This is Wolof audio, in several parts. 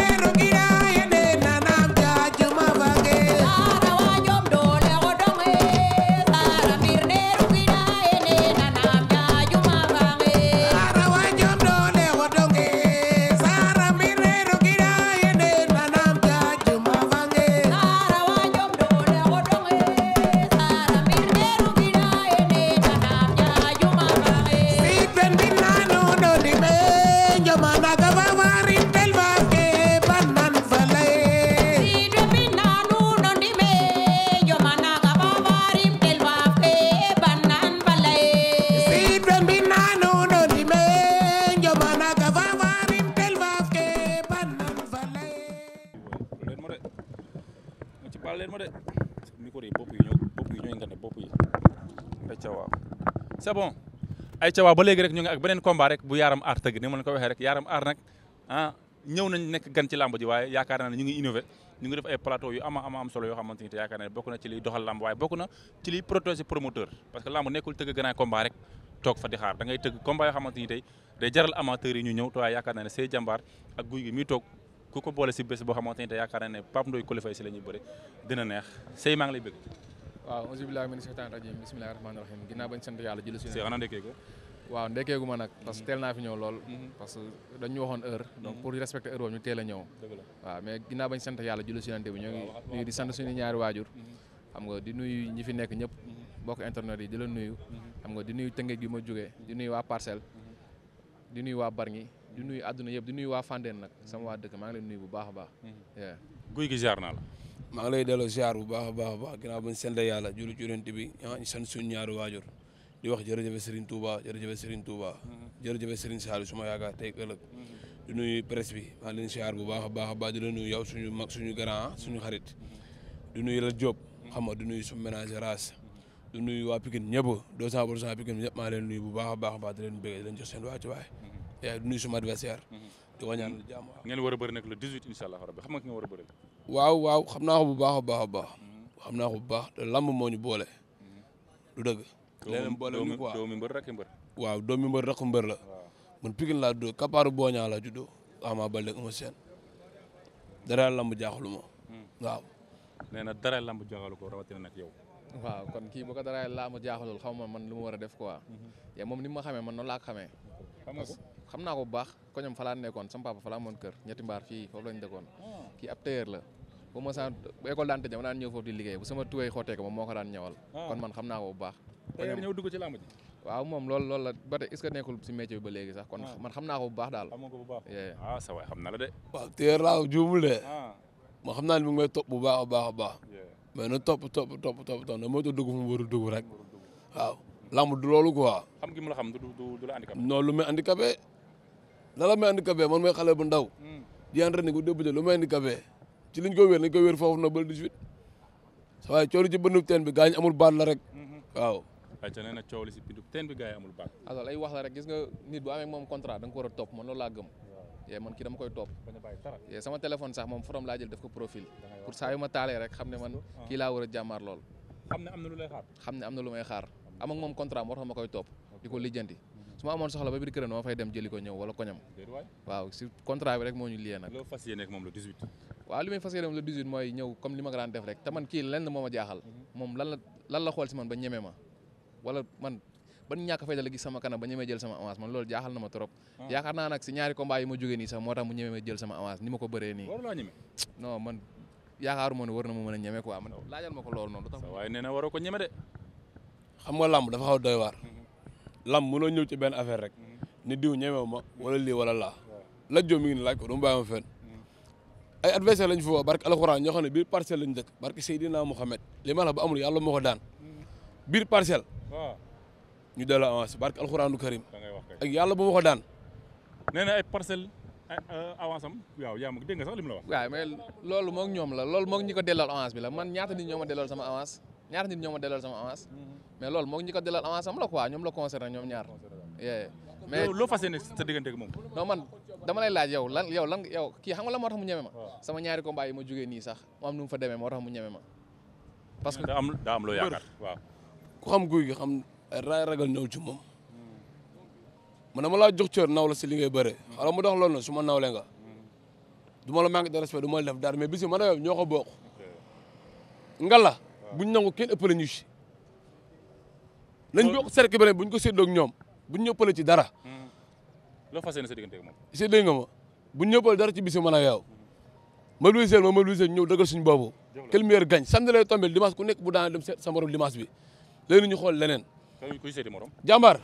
Moreno. c'est bon ay ca waa ba léegi rek ñu ngi ak beneen combat rek bu yaaram aar tëgg ni ma leen ko waxee rek yaaram aar nag ah ñëw nañ nekk gan ci làmb ji waaye yaakaar naa ne ñu ngi innové ñu ngi def ay plateau yu ama ama am solo yoo xamante ni te yaakaar naa ne bokk na ci liy na ci liy protéger promoteur parce yi ñu ñëw te yaakaar naa ne say jàmbaar ko boole si bés boo xamante ni te yaakaar naa ne Pape Ndoye Coly Faye si la lay bëgg waaw auzu billaahi mina seytaani rajiim bismillaahi rahmaani rahiim ginnaaw bañ sant yàlla julli si ana waaw ndekkee gu ma nag parce que mhm. naa fi ñëw lool mhm. parce que dañu waxoon heure mhm. donc pour respecter heure boobu ñu teel a ñëw waaw mais ginnaaw bañ sant yàlla julli si nante bi ñoo ngi di xam nga di nuyu ñi fi nekk ñëpp mbokk internet yi di la nuyu xam nga di nuyu tëngeej bi ma jógee di nuyu waa parcelle di nuyu waa Bargny di nuyu àdduna yëpp di nuyu waa Fandène nag sama waa dëkk maa ngi leen nuyu bu baax baax guy gi jaar naa la maa ngi lay delloo ziar bu baax a baax a baax ginnaaw bañ sant yàlla julli jurante bi ñu sant suñu ñaari waajur di wax jërëjëf Serigne Touba jërëjëf Serigne Touba jërëjëf Serigne Saliou suma yaakaar tey ëllëg di nuyu presse bi maa ngi leen ziar bu baax a baax a baax di la nuyu yow suñu mag suñu grand suñu xarit di nuyu la Diop xam nga di nuyu suñu ménage race di nuyu waa Pikine ñëpp 200 pour cent Pikine ñëpp maa leen nuyu bu baax a baax a baax di leen bëgg di leen jox seen waa ci waay yaay eh, di nuyu suma adversaire di ko ñaan jàmm ngeen war a bëri nag le 18 incha allah rabbi xam nga ki nga war a bëri waaw waaw xam naa ko bu baax a baax a baax. xam naa ko bu baax te lamb moo ñu boole. du dëgg. leneen boole ñu quoi doomi mbër rakk mbër. waaw doomi mbër rakk la. man Pikine laa juddoo Kapaaru Boña laa juddoo Ama Baldé Eumeu Sène dara lamb jaaxalu ma. Hmm. waaw. nee na dara lamb jaaxalu ko rawatina nag yow. waaw kon kii bu ko dara lamb jaaxalul xaw ma man lu ma war a def quoi. te hmm. moom ni ma xamee man noonu laa ko xamee. xam xam naa ko bu baax ko ñoom falaa laa nekkoon sama papa fa laa amoon kër ñetti mbaar fii foofu lañ dëkkoon. Ah. kii ab tailleur la. bu ma saan bu école daan tëj ma daan ñëw foofu di liggéey bu sama tuwee xottee ko moom moo ko daan ñëwal ah. kon man xam naa ko bu baax ñëw dugg ci làmb moom loolu loolu la ba tey est-ce que nekkul si métier bi ba ah. naa ko bu baax daal ah, sa waay xam na la de waaw téer laa juumul ma xam naa ne mu ngi may topp bu baax a baax a baax mais na topp topp topp topp topp na moytu dugg fu mu war a dugg rek waaw lamb du loolu quoi xam gi mu la xam du du la handicapé non lu may la la may handicapé man may xale bu ndaw hmm. di entraîné ku débuté lu may handicapé ci liñ ko wér nañ ko wér foofu na ba 18 waaye coow li ci bëndub teen bi gaañ amul baat la rek waaw waaye si bindub teen bi gaañ amul baat alors wax la rek gis nga nit bu amee moom contrat da ko war a topp man loolu laa gëm yee man kii dama koy topp yee sama téléphone moom forom laa jël def ko profil pour saa ma taalee rek xam ne man kii laa war a jàmmaar lool ah. xam ne am na lu lay ne am na lu may xaar am moom contrat moo tax ma koy top di ko lijjanti mhm. su ma amoon soxla ba biir këram dama fay dem jëli ko ñëw wala ko ñam waaw si contrat bi rek moo ñu liyee nag moom le 18 waaw li may fas yéene moom le 18 mooy ñëw comme li ma jaaxal. moom lan la la xool si man ba ñeme ma wala man ban ñàkk fayda la gis sama kanam ba ñemee jël sama avance man loolu jaaxal na ma trop. Ah. yaakaar naa nag si ñaari combat yi ma jógee nii moo ko bëree nii. man yaakaaruma ne war na ma mën a ñeme quoi man laajal ma ko loolu noonu. waaye nee na waroo ko ñeme de. xam nga lamb dafa xaw a doy waar. Mm-hmm. lamb mënoo ñëw ci benn affaire rek. Mm-hmm. ni diw ñeme ma wala lii wala la la mi ngi ni laaj ko du mu bàyyi ma fenn ay adversaire lañ fi woo barke alxuraan ñoo xam ne biir parcelle lañ dëkk barke Seydina Mohamed li ma la ba amul yàlla moo ko daan biir parcelle. waaw ñu delloo avance barke alxuraanu karim. ak yàlla bu ma ko daan. nee na ay parcelle euh, avance am waaw yaa ma dégg nga sax li mu la wax. waaw mais loolu moom ñoom la loolu moom ñi ko delloo avance bi la man ñaata nit ñoo ma delloo sama avance ñaata nit ñoo ma delloo sama avance. mais loolu moom ñi ko delloo avance am la quoi ñoom la concerné ñoom ñaar. mais loo fas yéene sa diggante ak moom. non man dama lay lan yow lan yow kii xam nga la moo tax mu ñeme ma. sama ñaari combat yi ma jógee nii sax ma am nu mu fa demee moo tax mu ñeme ma. parce que daa am daa am loo yaakaar xam guy gi xam raay ragal ñëw ci moom. laa jox cër naw la si li ngay bëree. Hmm. wala mu dox loolu na su ma nawle nga. Hmm. du ma la manque de respect du ma la def dara mais bis yi man ñoo ko bokk. nga la buñ nangu kenn ëppale ñu si. Hmm. nañ bokk cercle bi buñ ko séddoo ak ñoom buñ ñëppale ci dara. loo fas yéene sa diggante ak moom. si dégg nga ma bu ñëppal dara ci bisu mën a yow mobiliser ma mobiliser ñëw dëggal suñu boobu. quel meilleur gagne samedi lay tombé dimanche ku nekk bu daan dem seet sa morom dimanche bi léegi ñu xool leneen. kuy seeti morom. jàmbaar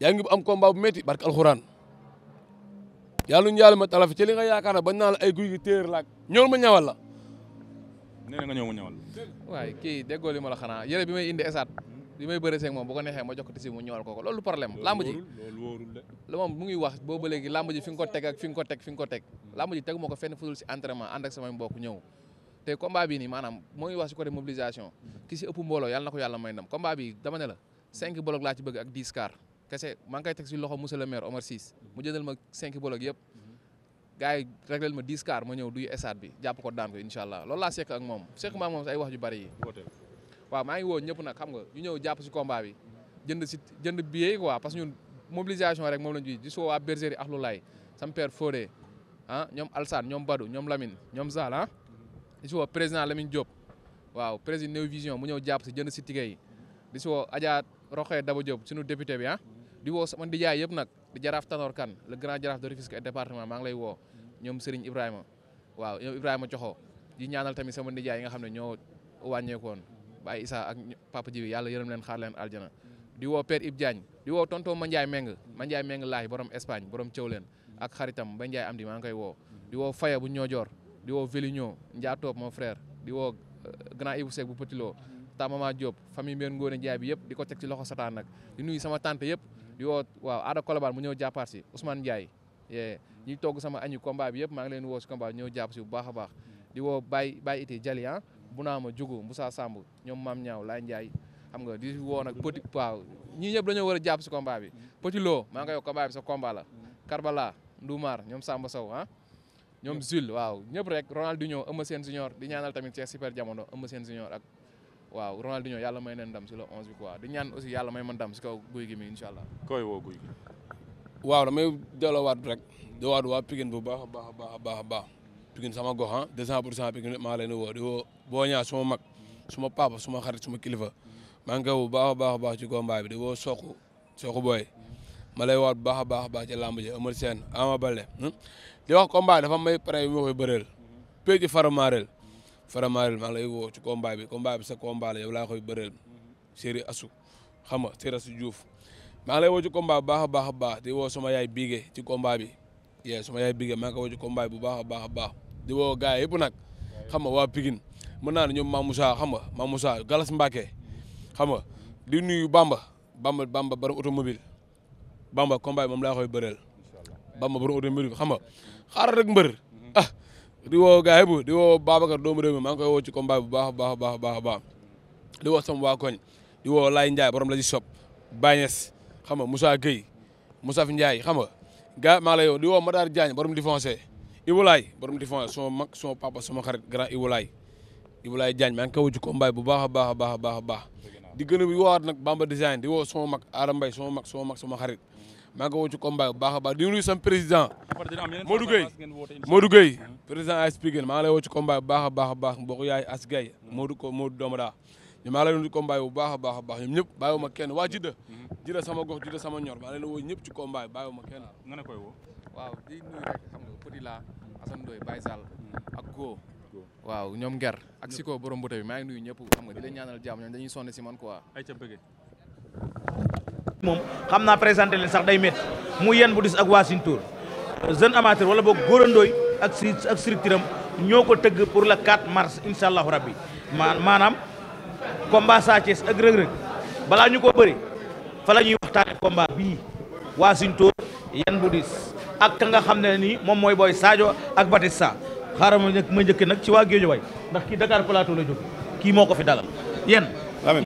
yaa ngi am combat bu métti barke alxuraan yàlla ñu yàlla ma talafi ci li nga yaakaar ne bañ naa ay guy gi téer laak ñool ma ñawal la. nee na nga ñëw ma ñawal. waaye kii déggoo li ma la xanaa yére bi may indi esaat bi may bëre seeg moom bu ko neexee ma jokkati si mu ñool ko ko loolu problème lamb loolu wóorul de la moom mu ngi wax boobu léegi lamb ko teg ak fi nga ko teg fi nga ko teg hmm. lamb ji tegu ma ko fenn fudul si entraînement ànd ñëw te combat bi nii maanaam moo ngi wax si côté mobilisation hmm. ki si ëpp mbooloo yàlla na ko yàlla may ndam combat bi dama ne la cinq bloc bëgg ak dix car kese maa teg si loxo monsieur le maire Omar Cisse hmm. mu jëndal ma cinq bloc yëpp wax ju bari yi waaw maa ngi woo ñëpp nag xam nga ñu ñëw jàpp si combat bi jënd si jënd billet quoi parce que ñun mobilisation rek moom la ñu di soo waa bergerie ak lu laay sam père Fodé ah, ñoom Alsane ñoom Badou ñoom lamin ñoom Zal ah di si woo président Lamine Diop waaw président Neo Vision mu ñëw jàpp si jënd si ticket di si woo Adja Roxee Daba Diop suñu député bi ah di woo sama ndijaay yëpp nag di jaraaf Tanor Kane le grand jaraaf de Rufisque et département maa ngi lay woo ñoom Serigne Ibrahima waaw ñoom Ibrahima Coxo di ñaanal tamit sama ndijaay yi nga xam ne ñoo wàññeekoon Baye Issa ak Papa Djibi yàlla yërëm leen xaar leen aljana di woo Père Ib Diagne di woo tonton Mandiaye Meng Mandiaye Meng laay borom Espagne borom Thiawlène ak xaritam Mandiaye am di maa ngi koy woo di woo Faya bu Ñoojoor di woo Véligno Ndiatop mon frère di woo euh, grand Ibou bu Petit Lo Tamama Diop famille Mbène Ngone bi yëpp di ko teg ci loxo sataan nag di nuyu sama tante yëpp di woo waaw Ada Colobane mu ñëw jàppaat si Ousmane Ndiaye yee ñuy togg sama añu combat bi yëpp maa ngi leen woo si combat bi jàpp si bu baax a baax di Bunaama Jugo Moussa Samb ñoom Maam Ñaaw Laay Njaay xam nga di woo nag petit waaw ñii ñëpp dañoo war a jàpp si combat bi mm-hmm. petit loo maa ngi koy wax combat bi sa combat la mm-hmm. Karbala Ndoumar ñoom Samba Sow ah ñoom Zul waaw ñëpp rek Ronaldinho Eumeu Sène Junior di ñaanal tamit Cheikh Super Jamono Eumeu Sène Junior ak waaw Ronaldinho yàlla may leen ndam si le 11 bi quoi di ñaan aussi yàlla may ma ndam si kaw guy gi mi incha allah. koy woo guy gi. waaw damay delloowaat rek delloowaat waa Pikine bu baax a baax a baax a baax. Pikine sama gox ah 200 pour cent Pikine maa leen di woo di woo boo ñaa suma mag suma papa suma xarit suma kilifa maa ngi koy woo bu baax a baax a baax ci combat bi di woo Sokh Sokh Boy ma lay woo a a baax ci làmb ji Eumeu Sène Ama Baldé hmm? di wax combat dafa may pare yu ma koy bëreel péeji faramareel faramareel maa ngi lay woo ci combat bi combat bi la yow laa bu baax a baax a baax di yaay Bigué ci yee sama yaay Bigué maa ngi woo ci bu baax a a baax di woo gars yëpp nag xam nga waa Pikine mën naa ne ñoom Mame xam nga Mame Moussa Galas mbake xam nga di nuyu Bamba Bamba Bamba borom automobile Bamba combat moom laa koy bëreel xam nga xaaral rek mhm. ah, woo gars di woo Babacar doomu réew mi maa ngi koy woo ci combat bu baax baax baax baax baax di woo sama waa koñ di woo borom la ci sopp Bagnès xam nga Moussa Gueye Moussa Ndiaye xam nga gars maa ngi lay woo di woo Madaar Diagne borom di Iwulaay borom di fond sama mag sama papa sama xarit grand Iwulaay Iwulaay Diagne maa ngi koy woo ci combat bu baax a baax a baax a baax a baax di gën a woowaat nag Bamba design di woo sama mag Aada Mbaye sama mag sama mag sama xarit maa ngi koy woo ci combat bu baax a baax di nuyu sama président Modou Gueye Modou Gueye président AS Pikine maa ngi lay woo ci combat bu baax a baax a baax mbokk yaay As Gueye Modou ko Modou doomu daa ñoom maa ngi lay woo ci combat bu baax a baax a baax ñoom ñëpp bàyyiwuma kenn waa Jidda Jidda sama gox Jidda sama ñor maa ngi lay woo ñëpp ci combat bàyyiwuma kenn nga ne koy woo waaw di nuyu rek xam nga petit la Assane Ndoye Baye Sall hmm. ak Go waaw ñoom nger ak Siko borom bote bi maa ngi nuyu ñëpp xam nga di leen ñaanal jàmm ñoom dañuy sonn si man ay ca bëgge moom xam naa présenté leen sax day métti mu yéen bu ak waasin tour jeune amateur wala boo góorandooy ak si ak structure am ñoo ko tëgg pour le 4 mars incha allahu rabbi maanaam combat Sa Thiès ak Reug Reug balaa ñu ko bëri fa la ñuy waxtaane combat bii waasin tour yéen ak ka nga xam ne nii moom mooy booy Sadio ak Batista xaaral ma njëkk ma njëkk nag ci waa Guédiawaye ndax kii Dakar Plateau la jóg kii moo ko fi dalal yen